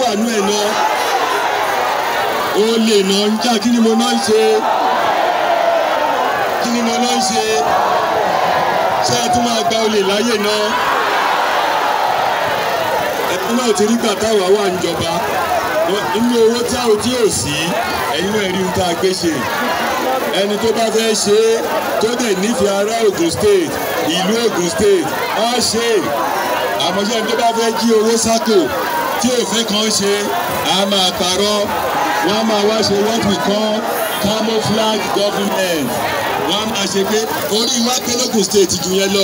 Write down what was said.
wà nú ẹ̀ lọ olè náà ń jà kí ni mo náà ń ṣe kí ni mo náà ń ṣe ṣé ẹ tún máa gba olè láyè náà ẹ̀kún náà ti rí bàtà wà wà ń jọba nínú owó tí àwọn tí ò sí ẹ̀yin náà rí ohun tá a gbé ṣe ẹni tó bá fẹ́ ṣe é tó dẹ̀ nífẹ̀ẹ́ ará Ògùn State ìlú Ògùn State á ṣe é àmọ́ṣẹ́ ẹni tó bá fẹ́ jí owó sáko tí òfin kan ṣe a máa parọ́ wọ́n máa wá ṣe what we call camouflage government wọ́n máa ṣe pé orí wa lókun state jù yẹn lọ.